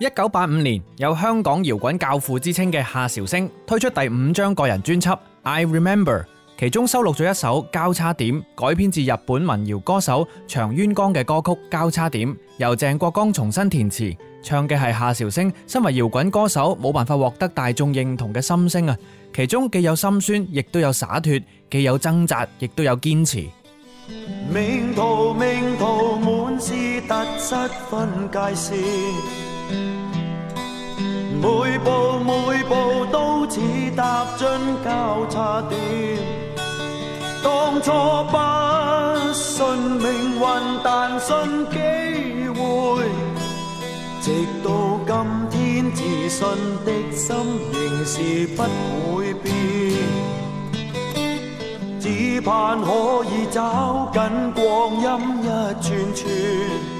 一九八五年，有香港搖滾教父之稱嘅夏韶聲推出第五張個人專輯《I Remember》，其中收錄咗一首《交叉點》，改編自日本民謠歌手長淵光嘅歌曲《交叉點》，由鄭國江重新填詞，唱嘅係夏韶聲，身為搖滾歌手冇辦法獲得大眾認同嘅心聲啊！其中既有心酸，亦都有灑脫，既有掙扎，亦都有堅持。名每步每步都似踏進交叉點，當初不信命運，但信機會。直到今天，自信的心仍是不會變，只盼可以抓緊光陰一寸寸。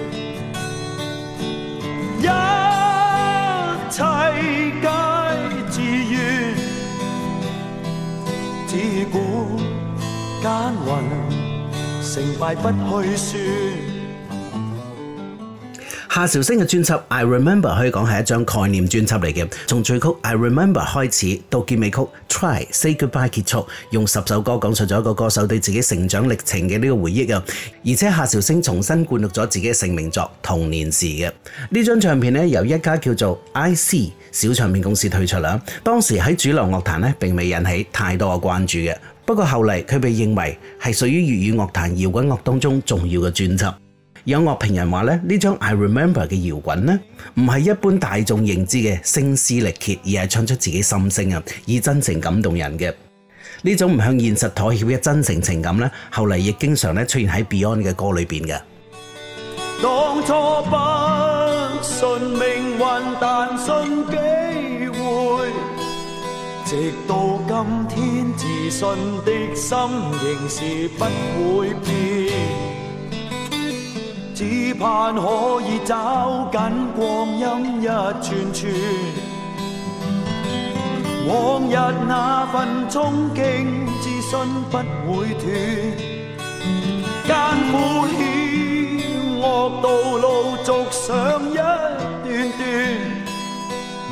成敗不去說，夏韶聲嘅專輯《I Remember》可以講係一張概念專輯嚟嘅，從序曲《I Remember》開始到結尾曲《Try Say Goodbye》結束，用十首歌講述咗一個歌手對自己成長歷程嘅呢個回憶啊！而且夏韶聲重新灌錄咗自己嘅成名作《童年時》嘅呢張唱片呢，由一家叫做 IC 小唱片公司推出啦。當時喺主流樂壇呢，並未引起太多嘅關注嘅。不過後嚟佢被認為係屬於粵語樂壇搖滾樂當中重要嘅專輯。有樂評人話咧，呢張《I Remember》嘅搖滾咧，唔係一般大眾認知嘅聲嘶力竭，而係唱出自己的心聲啊，以真情感動人嘅。呢種唔向現實妥協嘅真誠情感咧，後嚟亦經常咧出現喺 Beyond 嘅歌裏邊嘅。當初不信命運但信機會直到……信的心仍是不會變，只盼可以抓緊光陰一寸寸，往日那份憧憬自信不會斷，艱苦險惡道路續上一段段。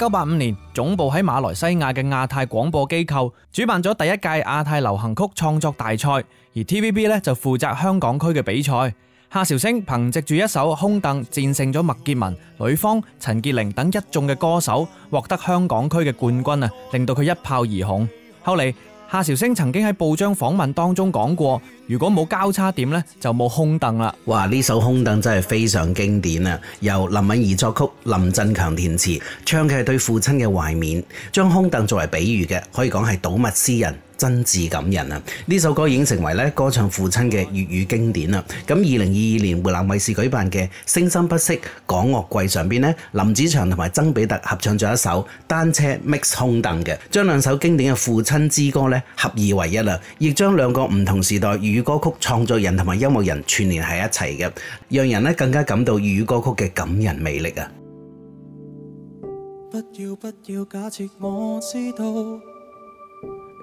九八五年，總部喺馬來西亞嘅亞太廣播機構主辦咗第一屆亞太流行曲創作大賽，而 TVB 呢，就負責香港區嘅比賽。夏韶聲憑借住一首《空凳》戰勝咗麥潔文、呂方、陳潔玲等一眾嘅歌手，獲得香港區嘅冠軍啊，令到佢一炮而紅。後嚟夏韶聲曾經在報章訪問當中講過，如果沒有交叉點呢，就沒有空凳了。哇！這首空凳真係非常經典啊！由林敏怡作曲，林振強填詞，唱的是對父親的懷念，將空凳作為比喻的，可以講是睹物思人。真摯感人啊！呢首歌已經成為咧歌唱父親嘅粵語經典啦。咁二零二二年湖南衛視舉辦嘅《聲生不息》港樂季上邊咧，林子祥同埋曾比特合唱咗一首《單車 mix 空凳》嘅，將兩首經典嘅父親之歌咧合二為一啦，亦將兩個唔同時代粵語歌曲創作人同埋音樂人串聯喺一齊嘅，讓人咧更加感到粵語歌曲嘅感人魅力啊！不要不要假設我知道。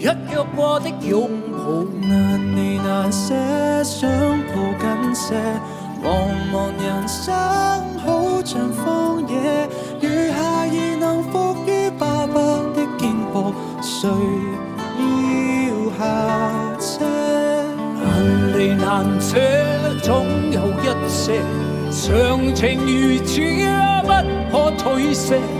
一躍過的擁抱，難離難捨，想抱緊些。茫茫人生好，好像荒野，如孩兒能伏於爸爸的肩膊，誰要下車？難離難捨，總有一些常情如，如此不可推卸。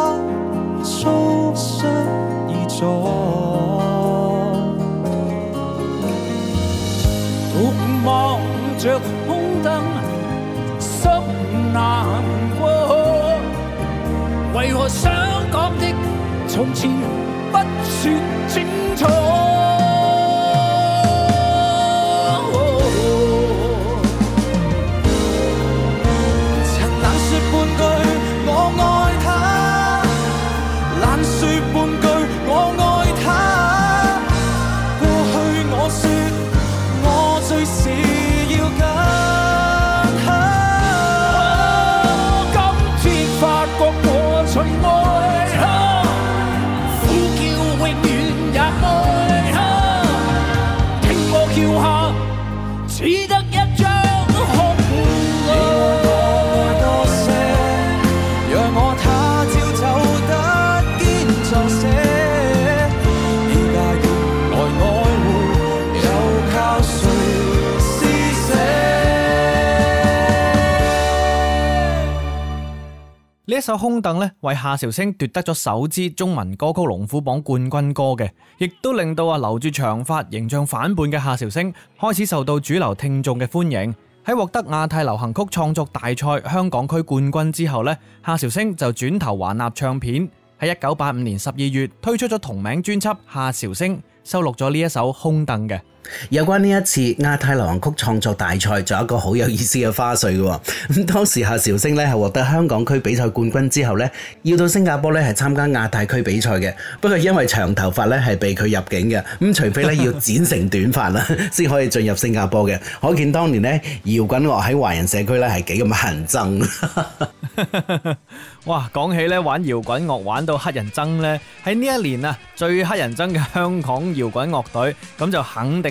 從前不說。一首《空凳》咧，為夏韶聲奪得咗首支中文歌曲龍虎榜冠軍歌嘅，亦都令到啊留住長髮、形象反叛嘅夏韶聲開始受到主流聽眾嘅歡迎。喺獲得亞太流行曲創作大賽香港區冠軍之後咧，夏韶聲就轉頭華納唱片，喺一九八五年十二月推出咗同名專輯《夏韶聲》，收錄咗呢一首《空凳》嘅。有關呢一次亞太流行曲創作大賽，仲有一個好有意思嘅花絮嘅。咁當時夏韶聲呢係獲得香港區比賽冠軍之後呢要到新加坡呢係參加亞太區比賽嘅。不過因為長頭髮呢係被佢入境嘅，咁除非呢要剪成短髮啦，先可以進入新加坡嘅。 可見當年呢，搖滾樂喺華人社區呢係幾咁乞人憎。哇，講起呢玩搖滾樂玩到乞人憎呢，喺呢一年啊最乞人憎嘅香港搖滾樂隊，咁就肯定。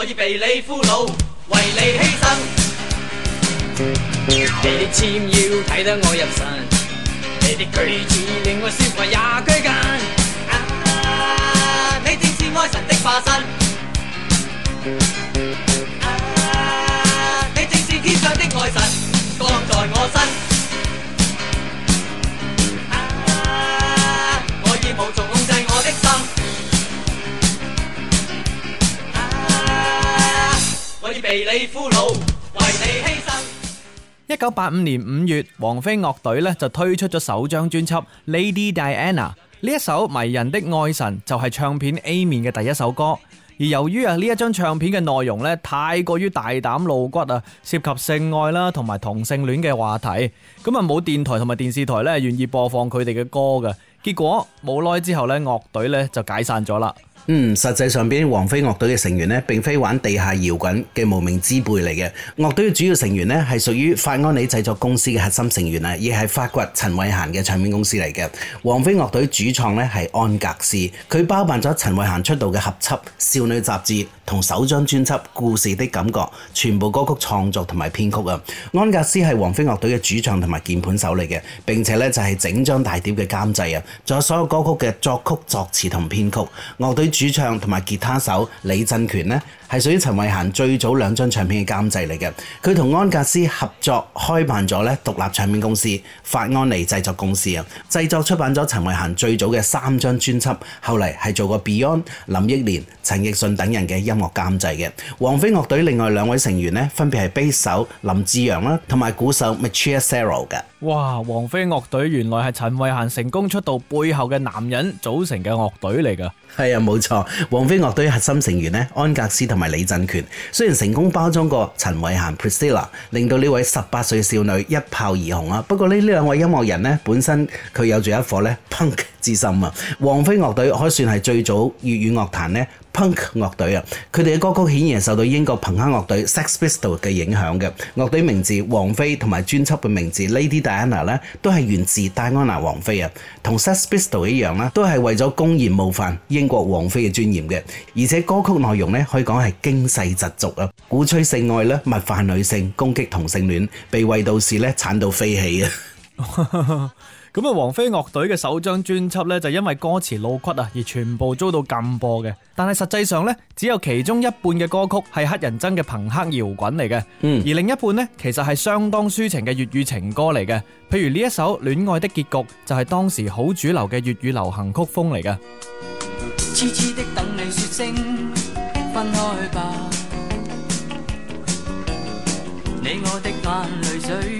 我已被你俘虜，為你犧牲。你的纖腰睇得我入神，你的舉止令我說話也拘謹。啊，你正是愛神的化身。一九八五年五月，皇妃樂隊咧就推出咗首張專輯《Lady Diana》。呢一首迷人的愛神就係、是、唱片 A 面嘅第一首歌。而由於啊呢一張唱片嘅內容咧太過於大膽露骨啊，涉及性愛啦同埋同性戀嘅話題，咁啊冇電台同埋電視台咧願意播放佢哋嘅歌嘅。結果冇耐之後咧，樂隊咧就解散咗啦。嗯，實際上邊皇妃樂隊嘅成員呢，並非玩地下搖滾嘅無名之輩嚟嘅。樂隊嘅主要成員呢，係屬於法安裏製作公司嘅核心成員啊，亦係發掘陳慧嫻嘅唱片公司嚟嘅。皇妃樂隊主創呢，係安格斯，佢包辦咗陳慧嫻出道嘅合輯《少女雜誌》。同首張專輯《故事》的感覺，全部歌曲創作同埋編曲啊，安格斯係皇妃樂隊嘅主唱同埋鍵盤手嚟嘅，並且咧就係整張大碟嘅監製啊，仲有所有歌曲嘅作曲、作詞同編曲，樂隊主唱同埋吉他手李振權咧。係屬於陳慧嫻最早兩張唱片嘅監製嚟嘅，佢同安格斯合作開辦咗獨立唱片公司法安尼製作公司啊，製作出版咗陳慧嫻最早嘅三張專輯，後嚟係做過 Beyond、林憶蓮、陳奕迅等人嘅音樂監製嘅。皇妃樂隊另外兩位成員呢，分別係 Bass 手林志揚啦，同埋鼓手 m i c h i a e Serra 嘅。哇！皇妃樂隊原來係陳慧嫻成功出道背後嘅男人組成嘅樂隊嚟噶，係啊，冇錯。皇妃樂隊核心成員咧，安格斯同埋李振權，雖然成功包裝過陳慧嫻 Priscilla，令到呢位十八歲少女一炮而紅啊。不過呢呢兩位音樂人咧，本身佢有住一顆咧 punk 之心啊。皇妃樂隊可以算係最早粵語樂，樂壇咧 punk 樂隊啊。佢哋嘅歌曲顯然係受到英國朋克樂隊 Sex Pistols 嘅影響嘅。樂隊名字皇妃同埋專輯嘅名字呢啲，戴安娜咧都係源自戴安娜王妃啊，同 Sex Pistols 一樣啦，都係為咗公然冒犯英國王妃嘅尊嚴嘅，而且歌曲內容咧可以講係驚世駭俗啊，鼓吹性愛啦，物化女性，攻擊同性戀，被衛道士咧鏟到飛起啊！咁啊，皇妃樂隊嘅首張專輯呢，就是因為歌詞露骨啊，而全部遭到禁播嘅。但係實際上呢，只有其中一半嘅歌曲係黑人憎嘅朋克搖滾嚟嘅，而另一半呢，其實係相當抒情嘅粵語情歌嚟嘅。譬如呢一首《戀愛的結局》，就係當時好主流嘅粵語流行曲風嚟嘅。癡癡的等你說聲分開吧，你我的眼淚水。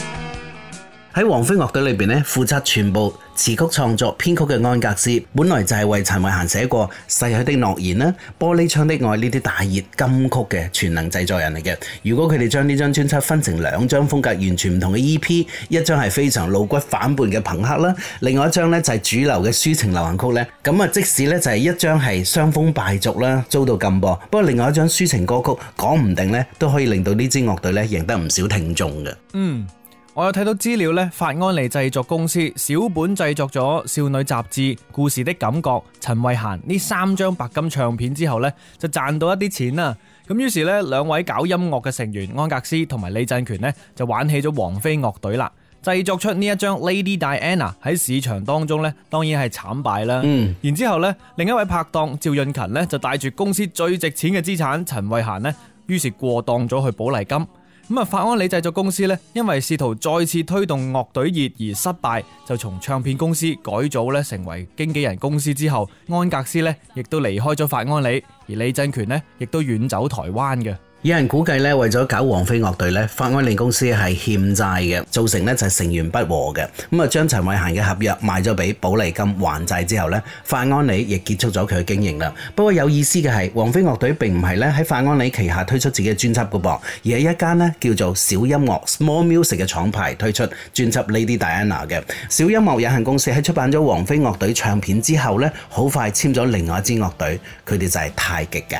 喺皇妃樂隊裏邊咧，負責全部詞曲創作、編曲嘅安格斯，本來就係為陳慧嫻寫過《逝去的諾言》啦，《玻璃窗的愛》呢啲大熱金曲嘅全能製作人嚟嘅。如果佢哋將呢張專輯分成兩張風格完全唔同嘅 EP，一張係非常露骨反叛嘅朋克啦，另外一張咧就係主流嘅抒情流行曲咧。咁啊，即使咧就係一張係傷風敗俗啦，遭到禁播。不過另外一張抒情歌曲，講唔定咧都可以令到呢支樂隊咧贏得唔少聽眾嘅。嗯。我有睇到資料咧，法安利製作公司小本製作咗少女雜誌故事的感覺，陳慧嫻呢三張白金唱片之後咧，就賺到一啲錢啦。咁於是咧，兩位搞音樂嘅成員安格斯同埋李振權呢，就玩起咗皇妃樂隊啦，製作出呢一張 Lady Diana 喺市場當中咧，當然係慘敗啦。嗯。Mm. 然之後咧，另一位拍檔趙潤勤咧，就帶住公司最值錢嘅資產陳慧嫻呢，於是過檔咗去寶麗金。咁啊，法安理製作公司咧，因為試圖再次推動樂隊熱而失敗，就從唱片公司改組咧，成為經紀人公司之後，安格斯咧亦都離開咗法安理，而李振權咧亦都遠走台灣嘅。有人估計咧，為咗搞皇妃樂隊咧，泛安利公司係欠債嘅，造成咧就係成員不和嘅。咁啊，將陳慧嫻嘅合約賣咗俾寶麗金還債之後咧，泛安利亦結束咗佢嘅經營啦。不過有意思嘅係，皇妃樂隊並唔係咧喺泛安利旗下推出自己嘅專輯嘅噃，而係一間呢叫做小音樂 Small Music 嘅廠牌推出專輯 Lady Diana 嘅。小音樂有限公司喺出版咗皇妃樂隊唱片之後咧，好快簽咗另外一支樂隊，佢哋就係太極嘅。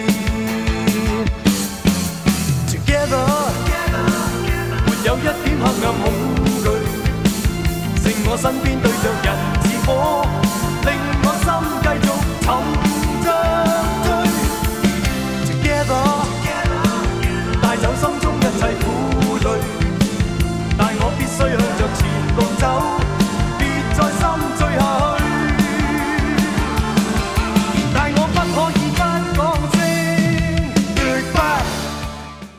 有一點黑暗恐懼，剩我身邊對着人似火，令我心繼續沉醉。Together，, Together. 帶走心中一切苦累，但我必須向着前路走。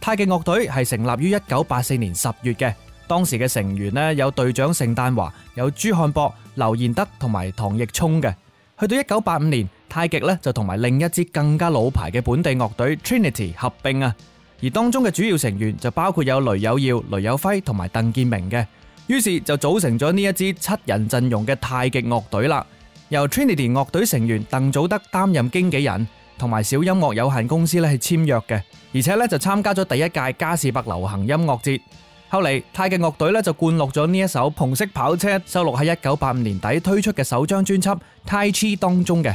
太極樂隊係成立於一九八四年十月嘅，當時嘅成員呢，有隊長盛旦華、有朱漢博、劉賢德同埋唐奕聰嘅。去到一九八五年，太極呢就同埋另一支更加老牌嘅本地樂隊 Trinity 合併啊，而當中嘅主要成員就包括有雷有耀、雷有輝同埋鄧建明嘅。於是就組成咗呢一支七人陣容嘅太極樂隊啦，由 Trinity 樂隊成員鄧祖德擔任經紀人。同埋小音樂有限公司咧係簽約嘅，而且咧就參加咗第一屆嘉士伯流行音樂節。後嚟太極樂隊咧就灌落咗呢一首《紅色跑車》，收錄喺一九八五年底推出嘅首張專輯《Tai Chi》當中嘅。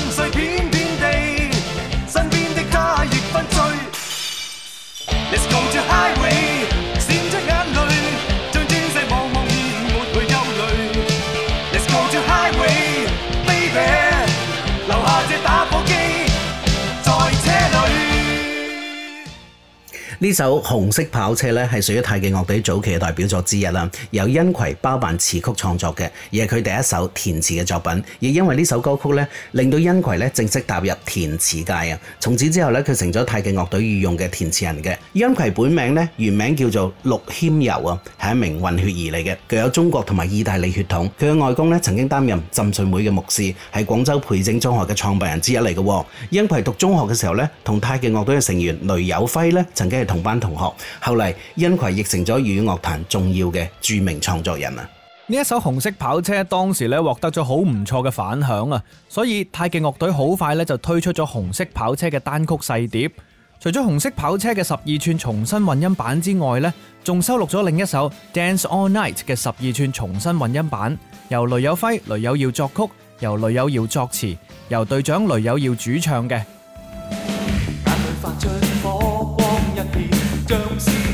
呢首《紅色跑車》咧係屬於太極樂隊早期嘅代表作之一啦，由因葵包辦詞曲創作嘅，而係佢第一首填詞嘅作品，亦因為呢首歌曲咧，令到因葵咧正式踏入填詞界啊！從此之後咧，佢成咗太極樂隊御用嘅填詞人嘅。因葵本名咧，原名叫做陸謙柔啊，係一名混血兒嚟嘅，具有中國同埋意大利血統。佢嘅外公咧曾經擔任浸信會嘅牧師，係廣州培正中學嘅創辦人之一嚟嘅。因葵讀中學嘅時候咧，同太極樂隊嘅成員雷有輝咧曾經係同班同學，後嚟因葵亦成咗粵語樂壇重要嘅著名創作人啊！呢一首《紅色跑車》當時咧獲得咗好唔錯嘅反響啊，所以太極樂隊好快咧就推出咗《紅色跑車》嘅單曲細碟。除咗《紅色跑車》嘅十二寸重新混音版之外咧，仲收錄咗另一首《Dance All Night》嘅十二寸重新混音版，由雷有輝、雷有耀作曲，由雷有耀作詞，由隊長雷有耀主唱嘅。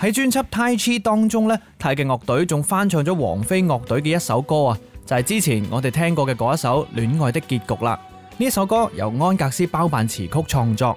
喺專輯《Tai Chi》當中呢，太極樂隊仲翻唱咗皇妃樂隊嘅一首歌啊，就係、是、之前我哋聽過嘅嗰一首《戀愛的結局》啦。呢首歌由安格斯包辦詞曲創作。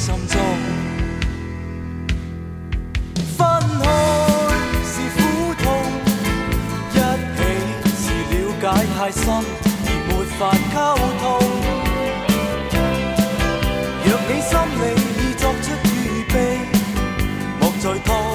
心中，分開是苦痛，一起是了解太深而沒法溝通。若你心裏已作出預備，莫再拖。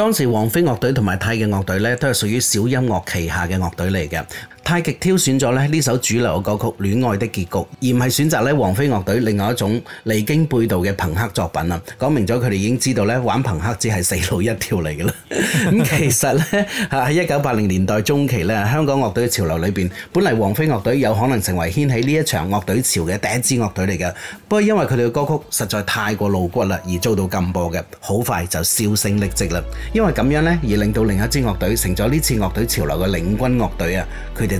當時皇妃樂隊同埋太極樂隊咧，都係屬於小音樂旗下嘅樂隊嚟嘅。太極挑選咗咧呢首主流嘅歌曲《戀愛的結局》，而唔係選擇咧皇妃樂隊另外一種離經背道嘅朋克作品啊！講明咗佢哋已經知道咧玩朋克只係死路一條嚟嘅啦。咁其實咧喺一九八零年代中期咧，香港樂隊嘅潮流裏邊，本嚟皇妃樂隊有可能成為掀起呢一場樂隊潮嘅第一支樂隊嚟嘅，不過因為佢哋嘅歌曲實在太過露骨啦，而遭到禁播嘅，好快就銷聲匿跡啦。因為咁樣咧，而令到另一支樂隊成咗呢次樂隊潮流嘅領軍樂隊啊，佢哋。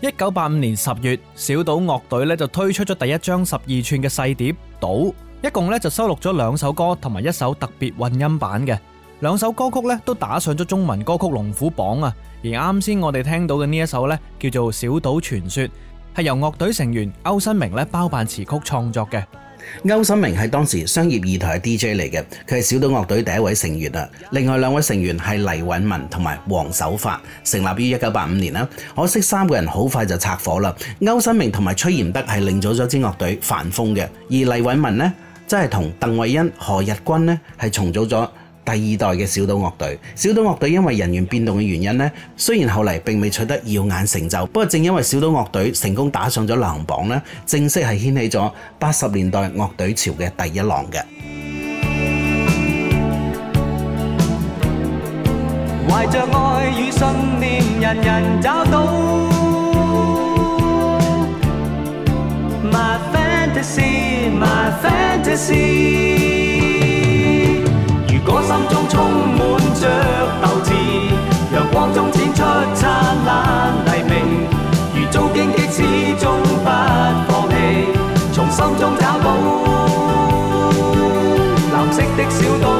一九八五年十月，小島樂隊咧就推出咗第一張十二寸嘅細碟《島》，一共咧就收錄咗兩首歌同埋一首特別混音版嘅。兩首歌曲咧都打上咗中文歌曲龍虎榜啊！而啱先我哋聽到嘅呢一首咧叫做《小島傳說》，係由樂隊成員歐新明咧包辦詞曲創作嘅。歐新明是當時商業二台嘅 DJ 來的，他是小島樂隊第一位成員，另外兩位成員是黎允文同埋黃守發，成立於一九八五年，可惜三個人好快就拆夥了。歐新明和崔賢德是另組了一支樂隊繁風的，而黎允文呢即是同鄧惠欣、何日君呢是重組了第二代嘅小島樂隊，小島樂隊因為人員變動嘅原因呢，雖然後嚟並未取得耀眼成就，不過正因為小島樂隊成功打上咗浪榜呢正式係掀起咗八十年代樂隊潮嘅第一浪嘅。懷着愛與信念，人人找到 My fantasy，My fantasy。我心中充滿着鬥志，陽光中閃出燦爛黎明。如遭荊棘，始終不放棄，從心中找到藍色的小島。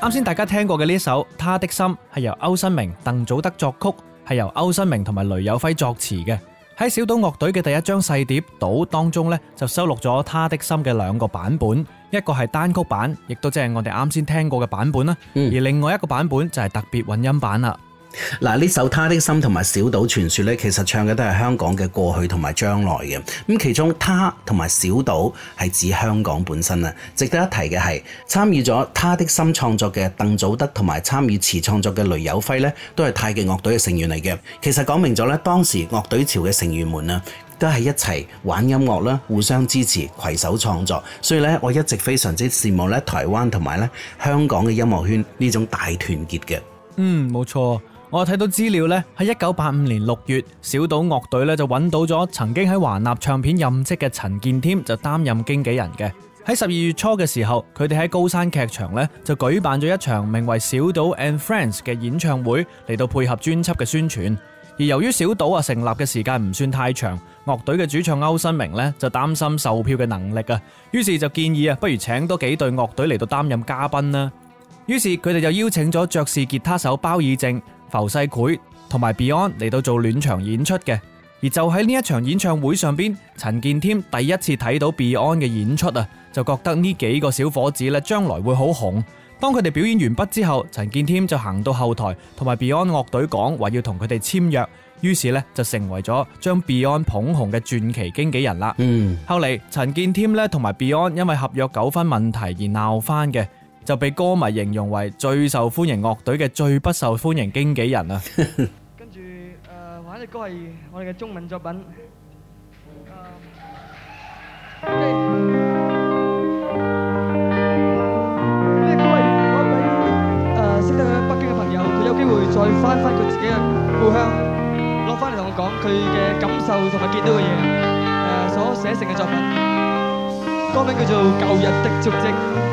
啱先大家聽過嘅呢首《她的心》係由歐新明、鄧祖德作曲，係由歐新明同埋雷有暉作詞嘅。喺小島樂隊嘅第一張細碟《島》當中呢，就收錄咗《她的心》嘅兩個版本，一個係單曲版，亦都即係我哋啱先聽過嘅版本啦。而另外一個版本就係特別混音版啦。嗱，呢首《她的心》同埋《小島傳說》咧，其實唱嘅都係香港嘅過去同埋將來嘅。咁其中，她同埋小島係指香港本身啊。值得一提嘅係，參與咗《她的心》創作嘅鄧祖德同埋參與詞創作嘅雷有輝咧，都係太極樂隊嘅成員嚟嘅。其實講明咗咧，當時樂隊潮嘅成員們啊，都係一齊玩音樂啦，互相支持，攜手創作。所以咧，我一直非常之羨慕咧，台灣同埋咧香港嘅音樂圈呢種大團結嘅。嗯，冇錯。我睇到資料咧，喺一九八五年六月，小島樂隊咧就揾到咗曾經喺華納唱片任職嘅陳健添，就擔任經紀人嘅。喺十二月初嘅時候，佢哋喺高山劇場咧就舉辦咗一場名為《小島 And Friends》嘅演唱會嚟到配合專輯嘅宣傳。而由於小島啊成立嘅時間唔算太長，樂隊嘅主唱歐新明呢就擔心售票嘅能力啊，於是就建議啊，不如請多幾隊樂隊嚟到擔任嘉賓啦、啊。於是佢哋就邀請咗爵士吉他手包以正。浮世繪同埋 Beyond 嚟到做暖場演出嘅，而就喺呢一場演唱會上邊，陳健添第一次睇到 Beyond 嘅演出啊，就覺得呢幾個小伙子咧將來會好紅。當佢哋表演完畢之後，陳健添就行到後台同埋 Beyond 樂隊講，話要同佢哋簽約，於是咧就成為咗將 Beyond 捧紅嘅傳奇經紀人啦。嗯，後嚟陳健添咧同埋 Beyond 因為合約糾紛問題而鬧翻嘅。就被歌迷形容為最受歡迎樂隊嘅最不受歡迎經紀人啊！跟住誒，玩隻歌係我哋嘅中文作品。誒，識得喺北京嘅朋友，佢有機會再翻翻佢自己嘅故鄉，攞翻嚟同我講佢嘅感受同埋見到嘅嘢，誒，所寫成嘅作品，歌名叫做《舊日的足跡》。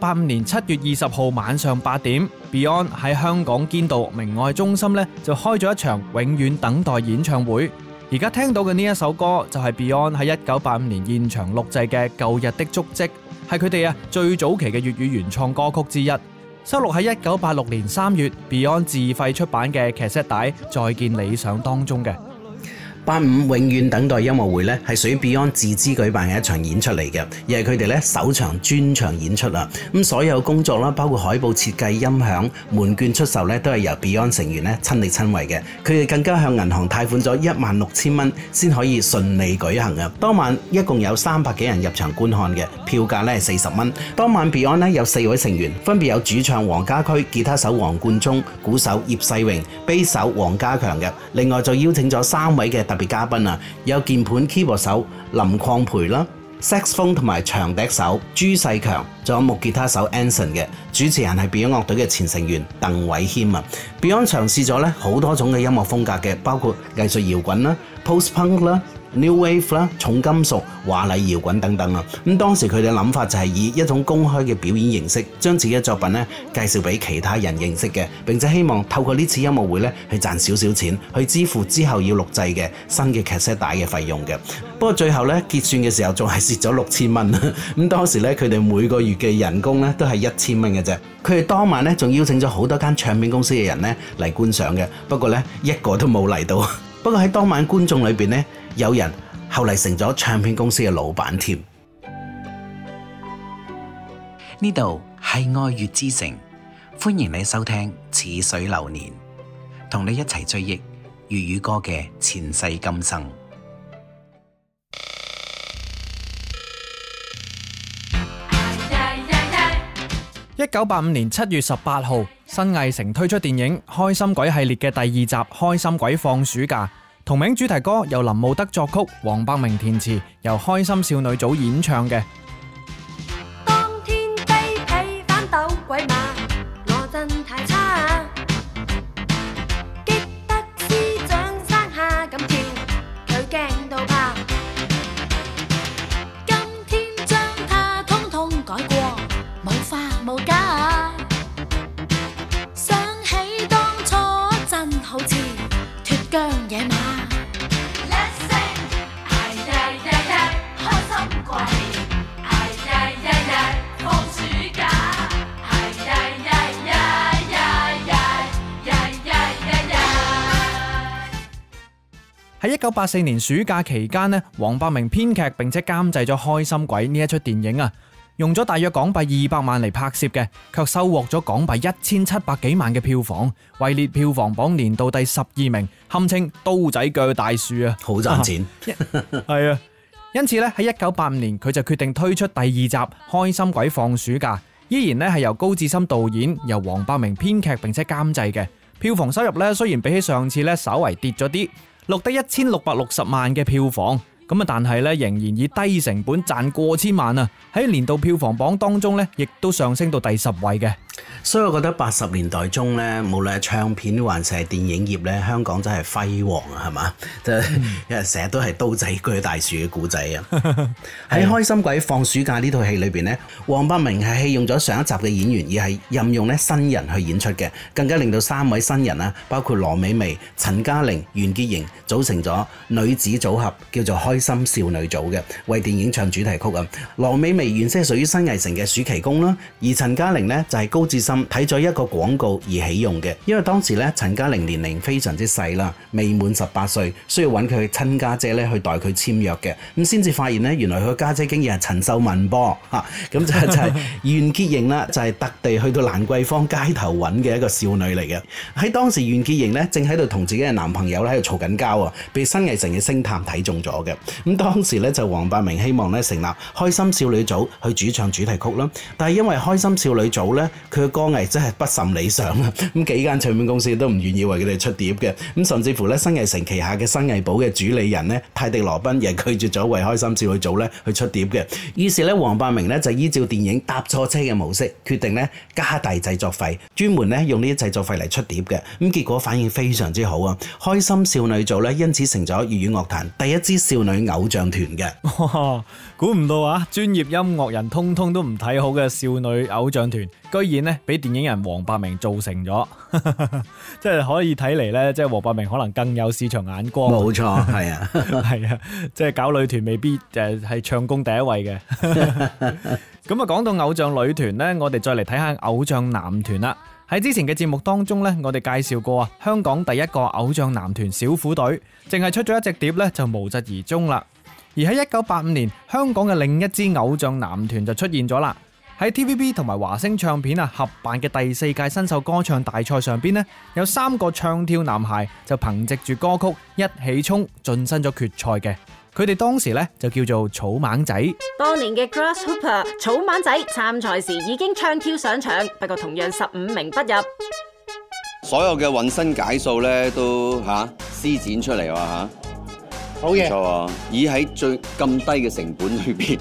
八五年七月二十號晚上八點，Beyond 喺香港堅道明愛中心呢就開咗一場《永遠等待》演唱會。而家聽到嘅呢一首歌就係 Beyond 喺一九八五年現場錄製嘅《舊日的足跡》，係佢哋啊最早期嘅粵語原創歌曲之一，收錄喺一九八六年三月 Beyond 自費出版嘅 cassette 帶《再見理想》當中嘅。八五永遠等待音樂會呢係屬於 Beyond 自資舉辦嘅一場演出嚟嘅，而係佢哋呢首場專場演出啦。咁所有工作啦，包括海報設計、音響、門券出售呢都係由 Beyond 成員呢親力親為嘅。佢哋更加向銀行貸款咗一萬六千蚊先可以順利舉行嘅。當晚一共有三百幾人入場觀看嘅，票價呢係四十蚊。當晚 Beyond 呢有四位成員，分別有主唱黃家駒、吉他手黃貫中、鼓手葉世榮、bass 手黃家強嘅。另外就邀請咗三位嘅。特別嘉賓啊，有鍵盤 keyboard 手林匡培啦，saxophone 同埋長笛手朱世強，仲有木吉他手 Anson 嘅。主持人係 Beyond 樂隊嘅前成員鄧偉謙啊。Beyond 嘗試咗咧好多種嘅音樂風格嘅，包括藝術搖滾啦、post-punk 啦。Punk, New Wave 啦、重金屬、華麗搖滾等等啦。咁當時佢哋諗法就係以一種公開嘅表演形式，將自己嘅作品咧介紹俾其他人認識嘅。並且希望透過呢次音樂會咧去賺少少錢，去支付之後要錄製嘅新嘅劇些帶嘅費用嘅。不過最後咧結算嘅時候仲係蝕咗六千蚊啦。咁當時咧佢哋每個月嘅人工咧都係一千蚊嘅啫。佢哋當晚咧仲邀請咗好多間唱片公司嘅人咧嚟觀賞嘅，不過咧一個都冇嚟到。不過喺當晚觀眾裏邊咧，有人後嚟成咗唱片公司嘅老闆添。呢度係愛粵之城，歡迎你收聽《似水流年》，同你一齊追憶粵語歌嘅前世今生。一九八五年七月十八號，新藝城推出電影《開心鬼》系列嘅第二集《開心鬼放暑假》。同名主題歌由林慕德作曲、黃百鳴填詞，由開心少女組演唱嘅。喺一九八四年暑假期間呢黃百鳴編劇並且監製咗《開心鬼》呢一齣電影啊，用咗大約港幣二百萬嚟拍攝嘅，卻收穫咗港幣一千七百幾萬嘅票房，位列票房榜年度第十二名，堪稱刀仔鋸大樹啊！好賺錢，係啊！ 因此咧，喺一九八五年佢就決定推出第二集《開心鬼放暑假》，依然呢係由高志森導演，由黃百鳴編劇並且監製嘅。票房收入咧雖然比起上次咧稍為跌咗啲。錄得一千六百六十萬嘅票房，咁啊，但係咧仍然以低成本賺過千萬啊！喺年度票房榜當中咧，亦都上升到第十位嘅。所以我覺得八十年代中咧，無論係唱片還是係電影業咧，香港真係輝煌啊，係嘛？即係因為成日都係刀仔鋸大樹嘅故仔啊！喺 《開心鬼放暑假》呢套戲裏邊呢，黃百鳴係棄用咗上一集嘅演員，而係任用咧新人去演出嘅，更加令到三位新人啊，包括羅美薇、陳嘉玲、袁潔瑩，組成咗女子組合叫做《開心少女組》嘅，為電影唱主題曲啊！羅美薇原先係屬於新藝城嘅暑期工啦，而陳嘉玲呢，就係高。自心睇咗一個廣告而起用嘅，因為當時咧陳嘉玲年齡非常之細啦，未滿十八歲，需要揾佢嘅親家姐咧去代佢簽約嘅，咁先至發現咧原來佢家姐、姐竟然係陳秀雯波。吓、啊，咁就就係袁潔瑩啦，就係、是、特地去到蘭桂坊街頭揾嘅一個少女嚟嘅。喺當時袁潔瑩咧正喺度同自己嘅男朋友喺度嘈緊交啊，被新藝城嘅星探睇中咗嘅。咁當時咧就黃百鳴希望咧成立開心少女組去主唱主題曲啦，但係因為開心少女組咧佢歌藝真係不甚理想啦，咁幾間唱片公司都唔願意為佢哋出碟嘅，咁甚至乎咧新藝城旗下嘅新藝寶嘅主理人咧泰迪羅賓亦拒絕咗為開心少女組咧去出碟嘅，於是咧黃百鳴呢就是、依照電影搭錯車嘅模式，決定呢加大製作費，專門呢用呢啲製作費嚟出碟嘅，咁結果反應非常之好啊！開心少女組呢，因此成咗粵語樂壇第一支少女偶像團嘅。 估唔到啊！專業音樂人通通都唔睇好嘅少女偶像團，居然呢，俾電影人黃百鳴做成咗，即係可以睇嚟呢，即係黃百鳴可能更有市場眼光。冇錯，係啊，係啊，即係搞女團未必就係、呃、唱功第一位嘅。咁啊，講 到偶像女團呢，我哋再嚟睇下偶像男團啦。喺之前嘅節目當中呢，我哋介紹過啊，香港第一個偶像男團小虎隊，淨係出咗一隻碟呢，就無疾而終啦。而喺一九八五年，香港嘅另一支偶像男團就出現咗啦。喺 TVB 同埋華星唱片啊合辦嘅第四屆新秀歌唱大賽上邊咧，有三個唱跳男孩就憑借住歌曲《一起衝》晉身咗決賽嘅。佢哋當時咧，就叫做草蜢仔。當年嘅 Grasshopper 草蜢仔參賽時已經唱跳上場，不過同樣十五名不入。所有嘅渾身解數咧都吓施、啊、展出嚟吓！啊冇錯啊！已喺最咁低嘅成本裏邊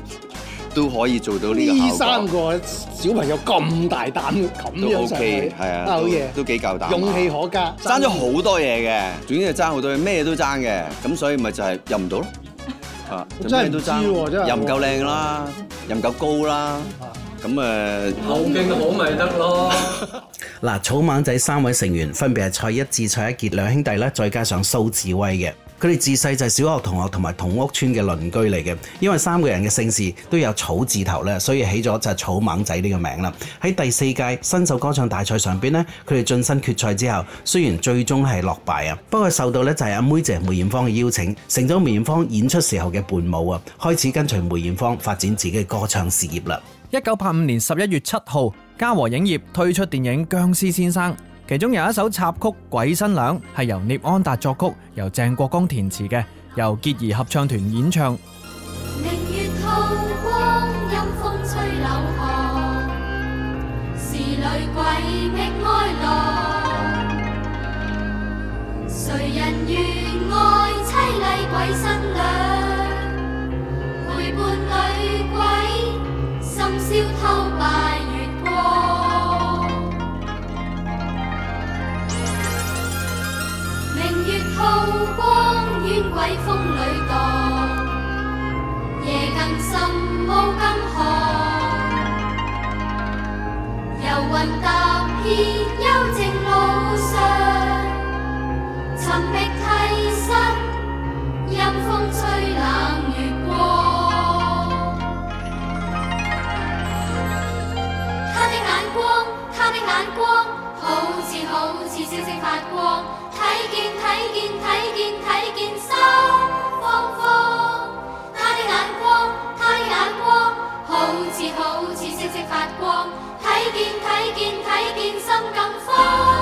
都可以做到呢個效果。呢三個小朋友咁大膽，咁樣都 OK 嘅，係啊，都幾夠膽，勇氣可嘉，爭咗好多嘢嘅。總之係爭好多嘢，咩都爭嘅。咁所以咪就係入唔到咯。啊，真係都爭，入唔夠靚啦，又唔夠高啦。咁誒，後勁好咪得咯。嗱，草蜢仔三位成員分別係蔡一智、蔡一傑兩兄弟咧，再加上蘇志威嘅。佢哋自細就係小學同學同埋同屋村嘅鄰居嚟嘅，因為三個人嘅姓氏都有草字頭咧，所以起咗就係草蜢仔呢個名啦。喺第四屆新秀歌唱大賽上邊咧，佢哋晉身決賽之後，雖然最終係落敗啊，不過受到咧就係阿妹姐梅艷芳嘅邀請，成咗梅艷芳演出時候嘅伴舞啊，開始跟隨梅艷芳發展自己嘅歌唱事業啦。一九八五年十一月七號，嘉禾影業推出電影《僵屍先生》。其中有一首插曲《鬼新娘》，係由聶安達作曲，由鄭國江填詞嘅，由杰兒合唱團演唱。明月透光，陰風吹柳巷，是女鬼覓愛郎，誰人願愛淒厲鬼新娘？陪伴女鬼，心消偷白。光冤鬼風裏蕩，夜更深霧更寒。遊魂踏遍幽靜路上，尋覓替身，陰風吹冷月光。他的眼光，他的眼光，好似好似星星發光。睇見睇見睇見睇見心慌慌，他的眼光，他的眼光，好似好似星星發光。睇見睇見睇見心更慌。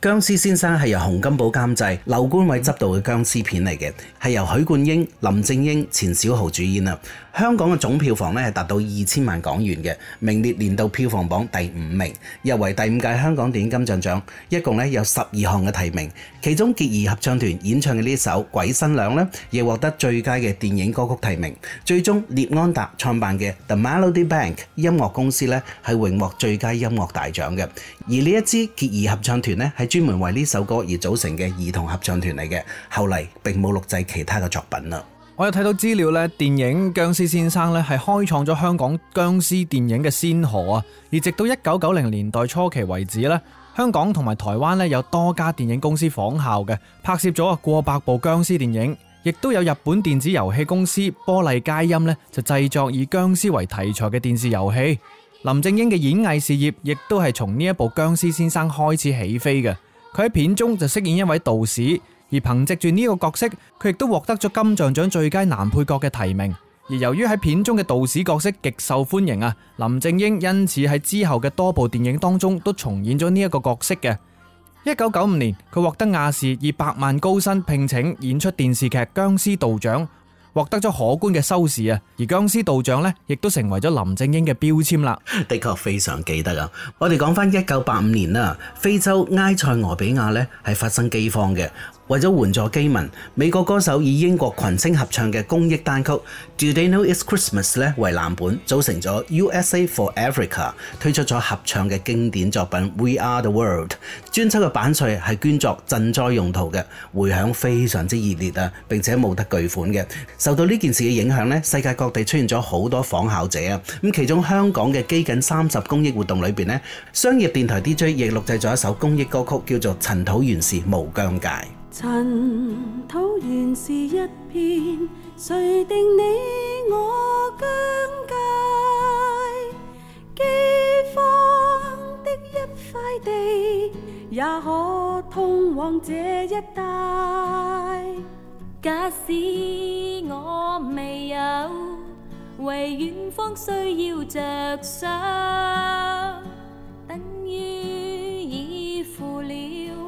僵屍先生係由洪金寶監製、劉觀偉執導嘅僵屍片嚟嘅，係由許冠英、林正英、錢小豪主演的香港嘅總票房咧係達到二千萬港元嘅，名列年度票房榜第五名。入圍第五屆香港電影金像獎，一共咧有十二項嘅提名，其中傑兒合唱團演唱嘅呢首《鬼新娘》咧，亦獲得最佳嘅電影歌曲提名。最終，聶安達創辦嘅 The Melody Bank 音樂公司咧係榮獲最佳音樂大獎嘅。而呢一支傑兒合唱團咧係專門為呢首歌而組成嘅兒童合唱團嚟嘅，後嚟並冇錄製其他嘅作品啦。我有睇到資料咧，電影《僵屍先生》咧係開創咗香港僵屍電影嘅先河啊！而直到一九九零年代初期為止咧，香港同埋台灣咧有多家電影公司仿效嘅拍攝咗過百部僵屍電影，亦都有日本電子遊戲公司波麗佳音咧就製作以僵屍為題材嘅電視遊戲。林正英嘅演藝事業亦都係從呢一部《僵屍先生》開始起飛嘅，佢喺片中就飾演一位道士。而憑借住呢個角色，佢亦都獲得咗金像獎最佳男配角嘅提名。而由於喺片中嘅道士角色極受歡迎啊，林正英因此喺之後嘅多部電影當中都重演咗呢一個角色嘅。一九九五年，佢獲得亞視以百萬高薪聘請演出電視劇《僵屍道長》，獲得咗可觀嘅收視啊。而《僵屍道長》呢亦都成為咗林正英嘅標籤啦。的確非常記得啊！我哋講翻一九八五年啦，非洲埃塞俄比亞呢係發生饑荒嘅。為咗援助飢民，美國歌手以英國群星合唱嘅公益單曲《Do They Know It’s Christmas》咧為藍本，組成咗 USA for Africa 推出咗合唱嘅經典作品《We Are the World》專輯嘅版稅係捐作賑災用途嘅，回響非常之熱烈啊，並且募得巨款嘅。受到呢件事嘅影響咧，世界各地出現咗好多仿效者啊。咁其中香港嘅飢饉三十公益活動裏邊咧，商業電台 DJ 亦錄製咗一首公益歌曲，叫做《塵土原是無疆界》。塵土原是一片，誰定你我疆界？飢荒的一塊地，也可通往這一帶。假使我未有為遠方需要着想，等於已負了。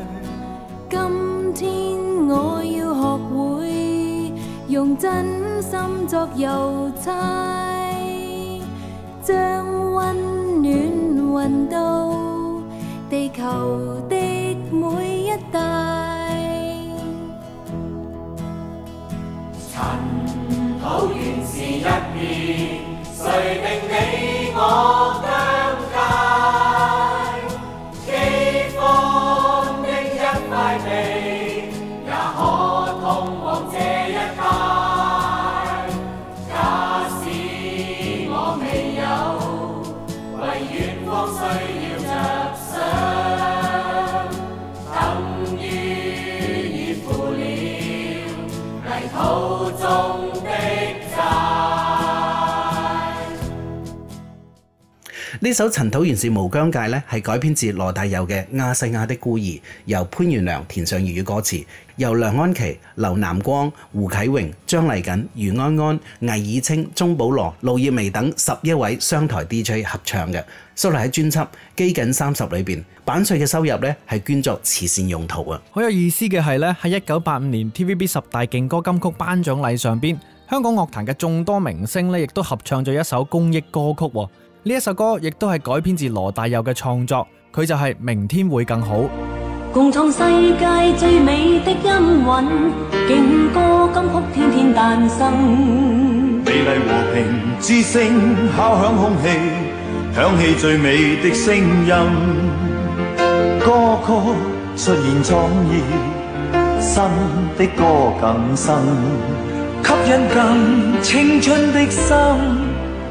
天，我要學會用真心作郵差，將溫暖運到地球的每一帶。塵土原是一片，誰令你我？呢首《塵土原是無疆界》咧，係改編自羅大佑嘅《亞細亞的孤兒》，由潘元良填上粵語歌詞，由梁安琪、劉南光、胡啟榮、張麗瑾、余安安、倪以清、鍾保羅、盧業薇等十一位商台 D J 合唱嘅，收錄喺專輯《饑饉三十》裏邊。版稅嘅收入咧係捐作慈善用途啊。好有意思嘅係咧，喺一九八五年 T V B 十大勁歌金曲頒獎禮上邊，香港樂壇嘅眾多明星咧亦都合唱咗一首公益歌曲。呢一首歌亦都係改編自羅大佑嘅創作，佢就係《明天會更好》。共創世界最美的音韻，勁歌金曲天天誕生。美麗和平之聲，敲響空氣，響起最美的聲音。歌曲出現創意，新的歌更新，吸引更青春嘅心。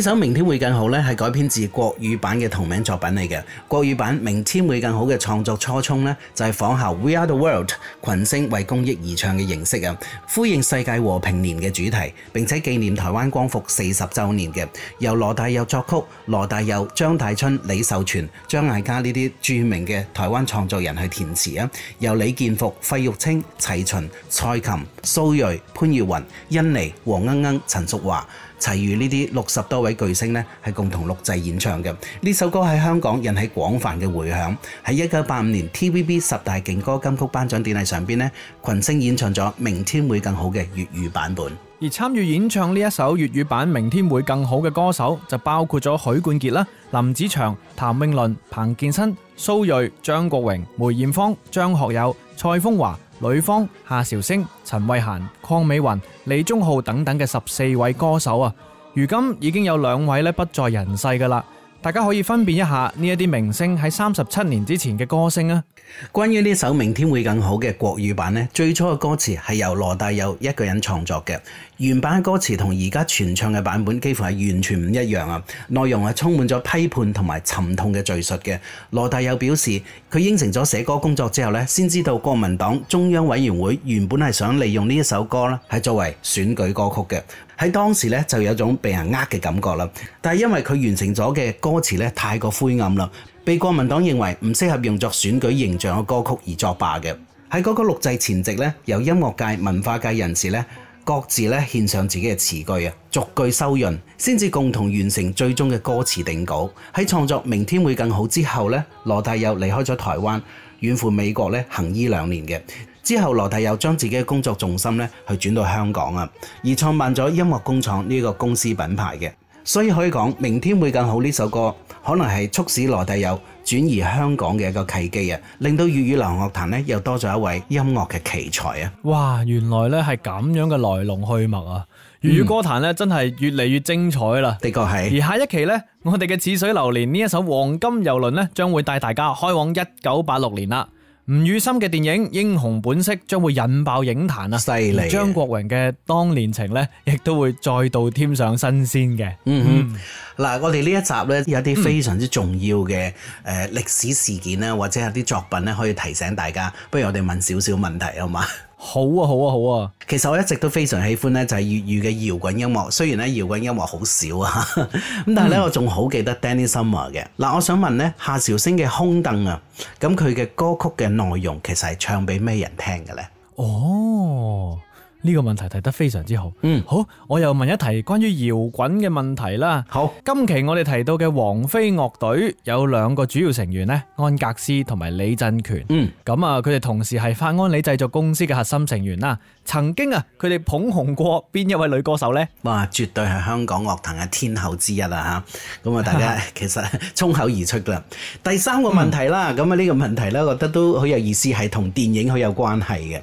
呢首《明天會更好》咧，係改編自國語版嘅同名作品嚟嘅。國語版《明天會更好》嘅創作初衷呢，就係仿效《We Are The World》群星為公益而唱嘅形式啊，呼應世界和平年嘅主題，並且紀念台灣光復四十週年嘅。由羅大佑作曲，羅大佑、張大，大春、李壽全、張艾嘉呢啲著名嘅台灣創作人去填詞啊。由李建復、費玉清、齊秦、蔡琴、蘇芮、潘越雲、甄妮、黃鶯鶯、陳淑華、齊餘呢啲六十多位巨星呢，係共同錄製演唱嘅。呢首歌喺香港引起廣泛嘅迴響。喺一九八五年 T V B 十大勁歌金曲頒獎典禮上邊呢，群星演唱咗《明天會更好》嘅粵語版本。而參與演唱呢一首粵語版《明天會更好》嘅歌手就包括咗許冠傑啦、林子祥、譚詠麟、彭健新、蘇芮、張國榮、梅艷芳、張學友、蔡楓華、呂方、夏韶聲、陳慧嫻、鄺美雲、李宗浩等等嘅十四位歌手啊，如今已經有兩位咧不在人世噶啦。大家可以分辨一下呢一啲明星喺三十七年之前嘅歌星啊。關於呢首《明天會更好》嘅國語版呢，最初嘅歌詞係由羅大佑一個人創作嘅。原版歌詞同而家全唱嘅版本幾乎係完全唔一樣啊！內容係充滿咗批判同埋沉痛嘅敘述嘅。羅大佑表示，佢應承咗寫歌工作之後咧，先知道國民黨中央委員會原本係想利用呢一首歌咧係作為選舉歌曲嘅。喺當時咧就有一種被人呃嘅感覺啦。但係因為佢完成咗嘅歌詞咧太過灰暗啦，被國民黨認為唔適合用作選舉形象嘅歌曲而作罷嘅。喺嗰個錄製前夕咧，由音樂界、文化界人士咧。各自咧獻上自己嘅詞句啊，逐句修潤，先至共同完成最終嘅歌詞定稿。喺創作《明天會更好》之後咧，羅大佑離開咗台灣，遠赴美國咧行醫兩年嘅。之後羅大佑將自己嘅工作重心咧去轉到香港啊，而創辦咗音樂工廠呢個公司品牌嘅。所以可以講，《明天會更好》呢首歌可能係促使羅大佑轉移香港嘅一個契機啊，令到粵語流行樂壇咧又多咗一位音樂嘅奇才啊！哇，原來咧係咁樣嘅來龍去脈啊！嗯、粵語歌壇咧真係越嚟越精彩啦，的確係。而下一期咧，我哋嘅《似水流年》呢一首《黃金遊輪》咧，將會帶大家開往一九八六年啦。吳宇森嘅電影《英雄本色》將會引爆影壇啊！犀利，張國榮嘅《當年情》咧，亦都會再度添上新鮮嘅。嗯哼，嗱、嗯，我哋呢一集咧有啲非常之重要嘅誒歷史事件咧，嗯、或者有啲作品咧，可以提醒大家。不如我哋問少少問題好嘛？好啊好啊好啊！好啊，好啊其實我一直都非常喜歡咧，就係粵語嘅搖滾音樂。雖然咧搖滾音樂好少啊，咁但係咧我仲好記得 Danny Summer 嘅嗱。嗯、我想問咧，夏韶聲嘅《空凳》啊，咁佢嘅歌曲嘅內容其實係唱俾咩人聽嘅咧？哦。呢個問題提得非常之好。嗯，好，我又問一題關於搖滾嘅問題啦。好，今期我哋提到嘅皇妃樂隊有兩個主要成員呢，安格斯同埋李振權。嗯，咁啊，佢哋同時係法安裏製作公司嘅核心成員啦。曾經啊，佢哋捧紅過邊一位女歌手呢？哇，絕對係香港樂壇嘅天后之一啦嚇。咁啊，大家其實衝口而出啦。第三個問題啦，咁啊呢個問題咧，我覺得都好有意思，係同電影好有關係嘅。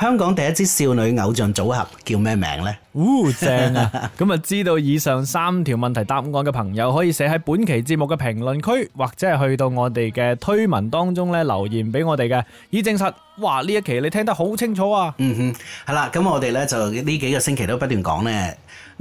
香港第一支少女偶像組合叫咩名呢？嗚、哦、正啊！咁啊，知道以上三條問題答案嘅朋友，可以寫喺本期節目嘅評論區，或者係去到我哋嘅推文當中咧留言俾我哋嘅。以證實哇！呢一期你聽得好清楚啊！嗯哼，係啦，咁我哋咧就呢幾個星期都不斷講呢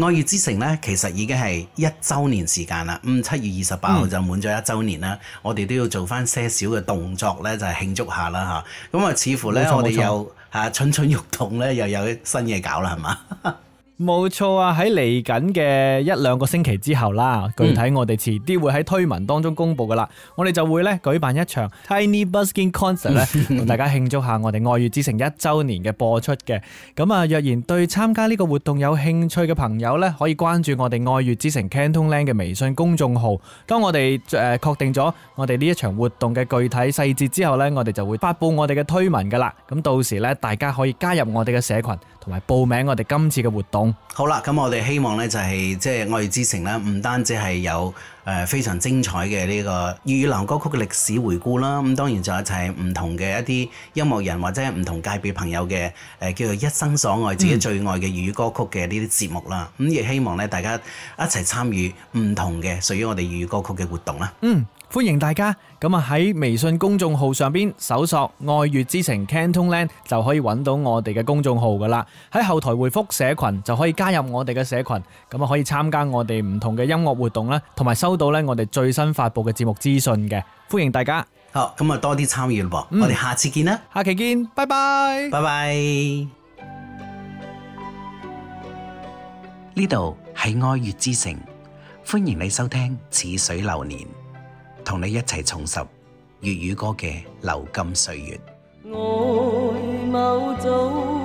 愛粵之城呢其實已經係一周年時間啦。嗯，七月二十八號就滿咗一周年啦。嗯、我哋都要做翻些少嘅動作呢，就係、是、慶祝下啦吓。咁啊，似乎呢，錯我哋有。嚇蠢蠢欲動咧，又有新嘢搞啦，係嘛？冇錯啊！喺嚟緊嘅一兩個星期之後啦，具體我哋遲啲會喺推文當中公布嘅啦。我哋就會咧舉辦一場 Tiny Busking Concert 同 大家慶祝下我哋愛粵之城一週年嘅播出嘅。咁啊，若然對參加呢個活動有興趣嘅朋友咧，可以關注我哋愛粵之城 Cantonland 嘅微信公眾號。當我哋誒確定咗我哋呢一場活動嘅具體細節之後咧，我哋就會發布我哋嘅推文嘅啦。咁到時咧，大家可以加入我哋嘅社群同埋報名我哋今次嘅活動。嗯、好啦，咁我哋希望咧就係、是，即、就、係、是、愛之城咧，唔單止係有。誒非常精彩嘅呢個粵語流行歌曲嘅歷史回顧啦，咁當然就一齊唔同嘅一啲音樂人或者唔同界別朋友嘅誒、呃、叫做一生所愛、嗯、自己最愛嘅粵語歌曲嘅呢啲節目啦，咁、嗯、亦希望咧大家一齊參與唔同嘅屬於我哋粵語歌曲嘅活動啦。嗯，歡迎大家，咁啊喺微信公眾號上邊搜索愛粵之城 Cantonland 就可以揾到我哋嘅公眾號噶啦，喺後台回覆社群，就可以加入我哋嘅社群。咁啊可以參加我哋唔同嘅音樂活動啦，同埋收。到咧，我哋最新發佈嘅節目資訊嘅，歡迎大家。好，咁啊多啲參與咯，嗯、我哋下次見啦，下期見，拜拜，拜拜。呢度係愛粵之城，歡迎你收聽《似水流年》，同你一齊重拾粵語歌嘅流金歲月。愛某